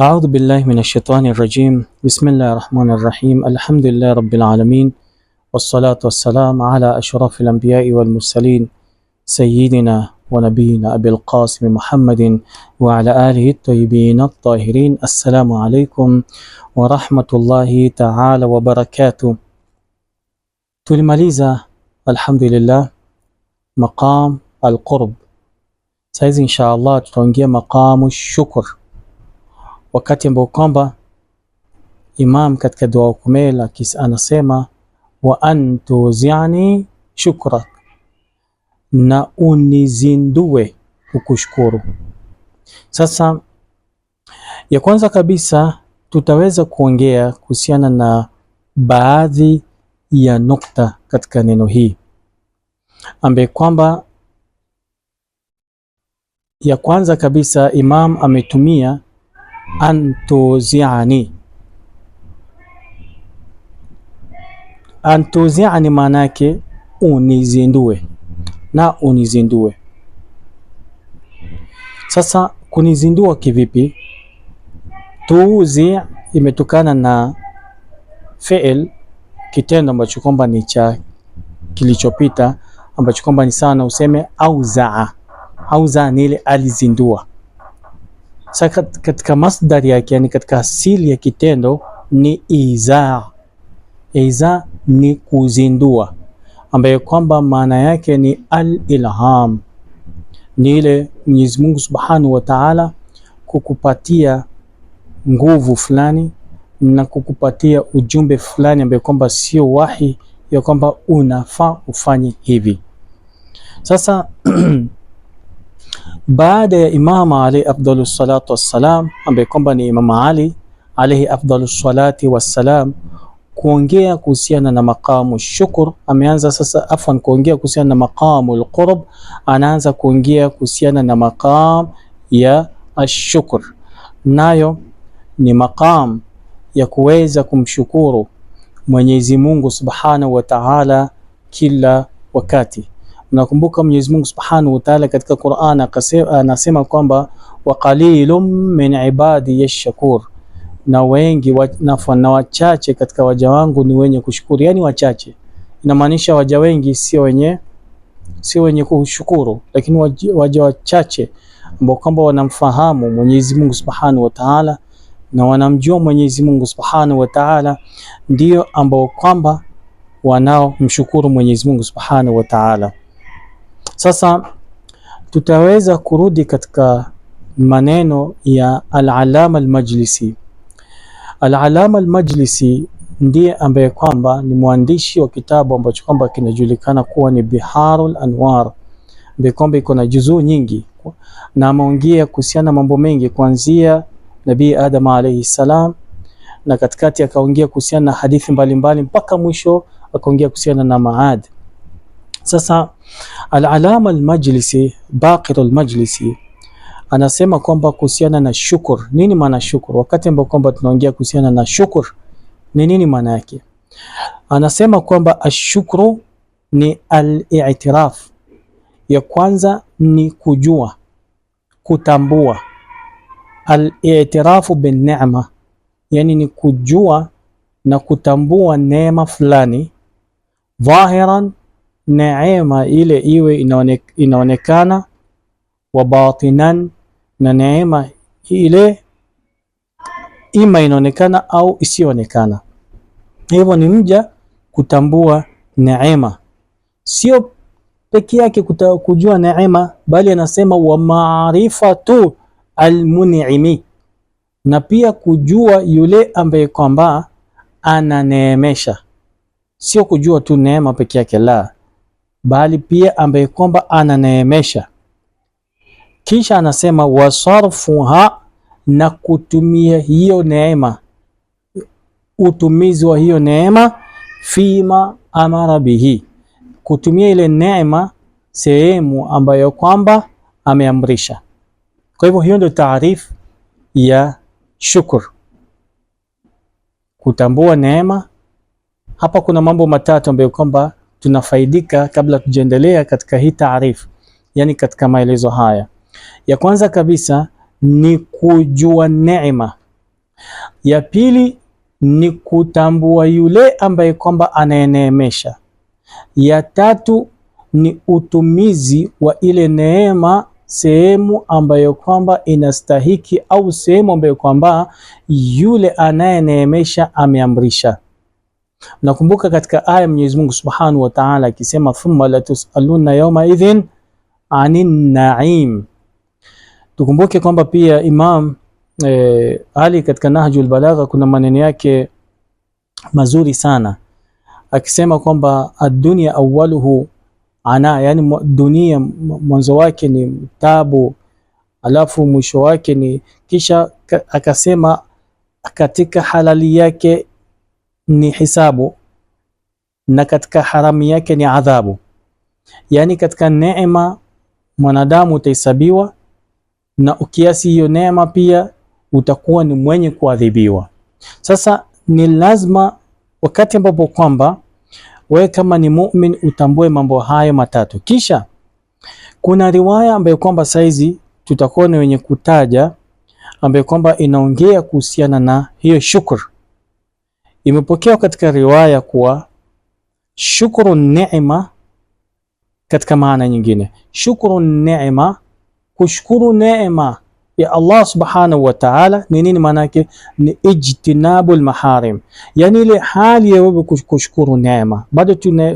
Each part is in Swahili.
أعوذ بالله من الشيطان الرجيم بسم الله الرحمن الرحيم الحمد لله رب العالمين والصلاة والسلام على أشرف الأنبياء والمرسلين سيدنا ونبينا أبي القاسم محمد وعلى آله الطيبين الطاهرين السلام عليكم ورحمة الله تعالى وبركاته تلماليزا الحمد لله مقام القرب Saizi insha Allah tutaongea maqamu shukr, wakati ambao kwamba imam katika dua ukumela anasema wa antuziani shukra, na unizindue kukushukuru. Sasa ya kwanza kabisa tutaweza kuongea kuhusiana na baadhi ya nukta katika neno hii ambaye kwamba ya kwanza kabisa Imam ametumia antuziani. Antuziani maana yake unizindue na unizindue. Sasa kunizindua kivipi? Tuuzi imetokana na fiil, kitendo ambacho kwamba ni cha kilichopita ambacho kwamba ni sawa na useme auzaa au zanile alizindua. Sa katika masdari yake, yani katika asili ya kitendo ni iza. Iza ni kuzindua, ambayo kwamba maana yake ni al-ilham, ni ile Mwenyezi Mungu Subhanahu wa Ta'ala kukupatia nguvu fulani na kukupatia ujumbe fulani ambayo kwamba sio wahi ya kwamba unafaa ufanye hivi. Sasa baada ya Imama Ali afdalu salatu wassalam, ambaye kwamba ni Imama Ali alaihi afdalu salati wassalam kuongea kuhusiana na maqamu shukr, ameanza sasa, afwan, kuongea kuhusiana na maqamu lqurb anaanza kuongea kuhusiana na maqam ya ashukr, nayo ni maqam ya kuweza kumshukuru Mwenyezi Mungu Subhanahu wa Ta'ala kila wakati. Nakumbuka Mwenyezi Mungu Subhanahu wa Ta'ala katika Qur'an anasema kwamba wa qalilum min ibadi yashkur, na wengi wa, na wachache katika waja wangu ni wenye kushukuru. Yani wachache inamaanisha waja wengi sio wenye sio wenye kushukuru, lakini waja wachache ambao kwamba wanamfahamu Mwenyezi Mungu Subhanahu wa Ta'ala na wanamjua Mwenyezi Mungu Subhanahu wa Ta'ala ndio ambao kwamba wanaomshukuru Mwenyezi Mungu Subhanahu wa Ta'ala. Sasa tutaweza kurudi katika maneno ya Al-Allama Al-Majlisi. Al-Allama Al-Majlisi ndiye ambaye kwamba ni mwandishi wa kitabu ambacho kwamba kinajulikana kuwa ni Biharul Anwar, ambaye kwamba iko na juzuu nyingi na ameongea kuhusiana mambo mengi kuanzia Nabii Adam alayhi salam, na katikati akaongea kuhusiana na hadithi mbalimbali mpaka mwisho akaongea kuhusiana na Maad. Sasa Al-Alama Al-Majlisi, Baqir Al-Majlisi anasema kwamba kuhusiana na shukur, nini maana shukur? Wakati ambao kwamba tunaongea kuhusiana na shukur ni nini maana yake, anasema kwamba ashukru ni al-i'tiraf, ya kwanza ni kujua, kutambua al-i'tirafu bin ni'ma, yani ni kujua na kutambua neema fulani dhahiran neema ile iwe inaonekana wa batinan, na neema ile ima inaonekana au isiyoonekana. Hivyo ni mja kutambua neema, sio peke yake kujua neema, bali anasema wa maarifatu almunimi, na pia kujua yule ambaye kwamba ananeemesha, sio kujua tu neema peke yake la bali pia ambaye kwamba ananeemesha. Kisha anasema wasarfuha, na kutumia hiyo neema, utumizi wa hiyo neema fima amara bihi, kutumia ile neema sehemu ambayo kwamba ameamrisha. Kwa hivyo hiyo ndio taarifu ya shukuru, kutambua neema. Hapa kuna mambo matatu ambayo kwamba tunafaidika kabla tujaendelea katika hii taarifu yani katika maelezo haya. Ya kwanza kabisa ni kujua neema, ya pili ni kutambua yule ambaye kwamba anayeneemesha, ya tatu ni utumizi wa ile neema sehemu ambayo kwamba inastahiki au sehemu ambayo kwamba yule anayeneemesha ameamrisha nakumbuka katika aya Mwenyezi Mungu Subhanahu wa Ta'ala akisema thumma latusaluna yawma idhin anin na'im. Tukumbuke kwamba pia Imam e, Ali katika Nahjul Balagha kuna maneno yake mazuri sana akisema kwamba adunia awaluhu ana, yani dunia mwanzo wake ni tabu, alafu mwisho wake ni kisha akasema katika halali yake ni hisabu na katika haramu yake ni adhabu. Yaani katika neema mwanadamu utahesabiwa, na ukiasi hiyo neema pia utakuwa ni mwenye kuadhibiwa. Sasa ni lazima wakati ambapo kwamba wewe kama ni mumin utambue mambo hayo matatu. Kisha kuna riwaya ambayo kwamba saizi tutakuwa ni wenye kutaja ambayo kwamba inaongea kuhusiana na hiyo shukr Imepokewa katika riwaya kuwa shukuru neema, katika maana nyingine shukuru neema, kushukuru neema ya Allah subhanahu wa ta'ala ni nini maana yake? Ni ijtinabul maharim, yani ile hali ya wewe kushukuru neema. Bado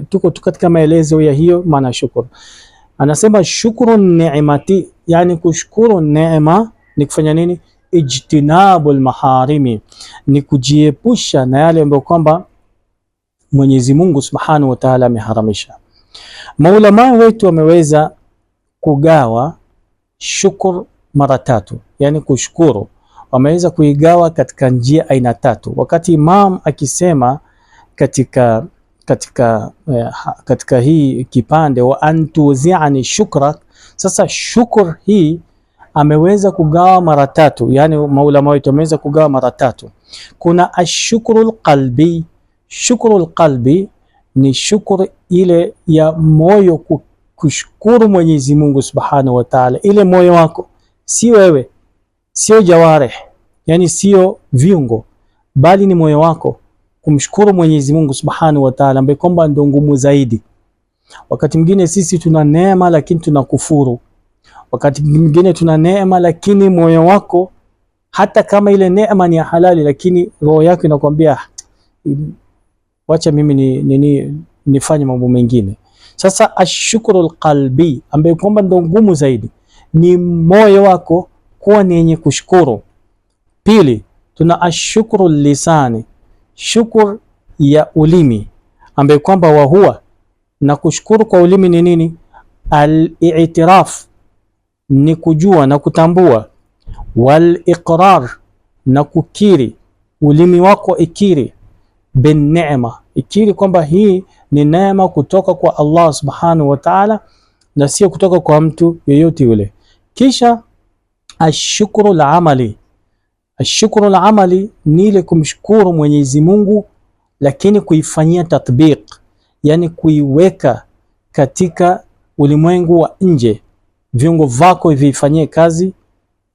tuko katika maelezo ya hiyo maana shukuru. Anasema shukuru neemati, yani kushukuru neema ni kufanya nini? ijtinabul maharimi, ni kujiepusha na yale ambayo kwamba Mwenyezi Mungu Subhanahu wa Ta'ala ameharamisha. Maulama wetu wameweza kugawa shukr mara tatu, yani kushukuru wameweza kuigawa katika njia aina tatu. Wakati imam akisema katika, katika, eh, katika hii kipande wa antuziani shukra, sasa shukr hii ameweza kugawa mara tatu, yani maulama wetu ameweza kugawa mara tatu. Kuna ashukuru alqalbi. shukuru alqalbi ni shukuru ile ya moyo, kushukuru Mwenyezi Mungu Subhanahu wa Ta'ala, ile moyo wako, si wewe, sio jawareh, yani sio viungo, bali ni moyo wako kumshukuru Mwenyezi Mungu Subhanahu wa Ta'ala, ambaye kwamba ndio ngumu zaidi. Wakati mwingine sisi tuna neema lakini tunakufuru Wakati mwingine tuna neema, lakini moyo wako hata kama ile neema ni ya halali, lakini roho yako inakwambia ah, wacha mimi ni, ni, ni, nifanye mambo mengine. Sasa ashukuru alqalbi, ambaye kwamba ndo ngumu zaidi, ni moyo wako kuwa ni yenye kushukuru. Pili tuna ashukru lisani, shukur ya ulimi, ambaye kwamba wahuwa na kushukuru kwa ulimi ni nini? Al-i'tiraf ni kujua na kutambua, wal iqrar na kukiri, ulimi wako ikiri, bin neema, ikiri kwamba hii ni neema kutoka kwa Allah subhanahu wa ta'ala, na sio kutoka kwa mtu yeyote yule. Kisha ashukuru la amali, ashukuru la amali ni ile kumshukuru Mwenyezi Mungu, lakini kuifanyia tatbiq, yani kuiweka katika ulimwengu wa nje viungo vako vifanyie kazi,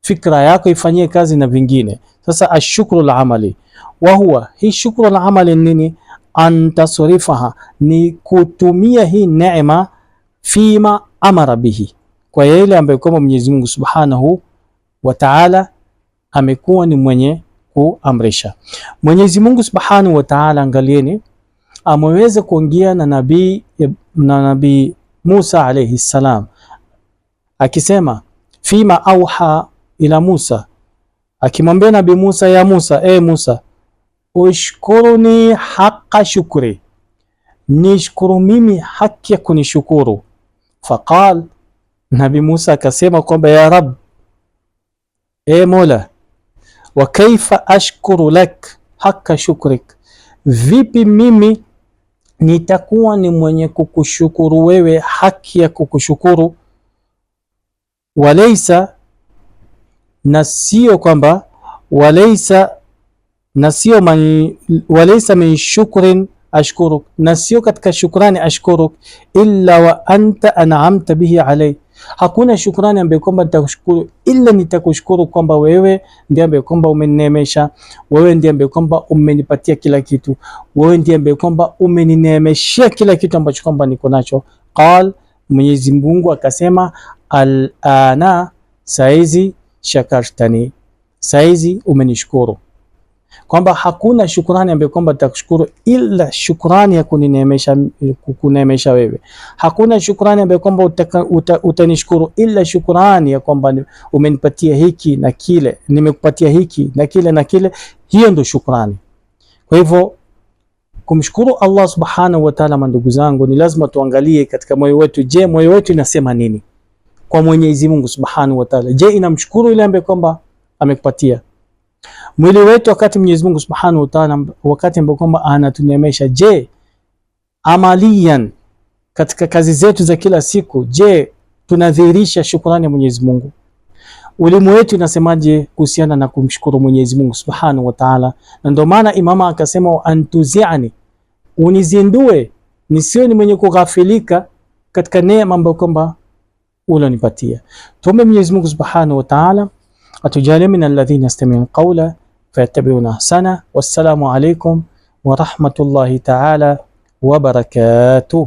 fikra yako ifanyie kazi na vingine. Sasa ashukuru la amali wahuwa, hii shukuru la amali nini? Antasrifaha, ni kutumia hii neema fima amara bihi, kwa yale ambayo kwamba Mwenyezi Mungu Subhanahu wa Ta'ala amekuwa ni mwenye kuamrisha. Mwenyezi Mungu Subhanahu wa Ta'ala, angalieni, ameweza kuongea na nabii na nabii Musa alayhi salam akisema fima auha ila Musa, akimwambia Nabii Musa, ya Musa, e Musa, ushkuruni haqa shukri, nishkuru mimi haki ya kunishukuru. Faqal, Nabii Musa akasema kwamba ya Rab, e Mola, wa kaifa ashkuru lak haqa shukrik, vipi mimi nitakuwa ni mwenye kukushukuru wewe haki ya kukushukuru walaisa na sio kwamba walaisa na sio man, walaisa min shukrin ashkuruk, na sio katika shukrani ashkuruk, illa wa anta an'amta bihi alay. Hakuna shukrani ambaye kwamba nitakushukuru ila nitakushukuru kwamba wewe ndiye ambaye kwamba umenineemesha, wewe ndiye ambaye kwamba umenipatia kila kitu, wewe ndiye ambaye kwamba umenineemeshia kila kitu ambacho kwamba niko nacho. Qal, Mwenyezi Mungu akasema alana, saizi shakartani, saizi umenishukuru. Kwamba hakuna shukrani ambayo kwamba takushukuru ila shukrani ya kunineemesha kukuneemesha wewe. Hakuna shukrani ambayo kwamba utanishukuru uta, uta ila shukrani ya kwamba umenipatia hiki na kile, nimekupatia hiki na kile na kile, hiyo ndio shukrani. Kwa hivyo kumshukuru Allah subhanahu wa ta'ala, ndugu zangu, ni lazima tuangalie katika moyo wetu. Je, moyo wetu inasema nini? kwa Mwenyezi Mungu Subhanahu wa Ta'ala. Je, inamshukuru yule ambaye kwamba amekupatia mwili wetu wakati Mwenyezi Mungu Subhanahu wa Ta'ala wakati ambapo kwamba anatunemesha? Je, amalian katika kazi zetu za kila siku, je, tunadhihirisha shukrani ya Mwenyezi Mungu? Ulimu wetu inasemaje kuhusiana na kumshukuru Mwenyezi Mungu Subhanahu wa Ta'ala? Na ndio maana imama akasema antuziani, unizindue nisiwe ni mwenye kughafilika katika neema ambayo kwamba ule nipatie. Tuombe Mwenyezi Mungu Subhanahu wa Ta'ala atujalie min alladhina yastami'una qawla fayattabi'una ahsana. Wassalamu alaykum wa rahmatullahi ta'ala wa barakatuh.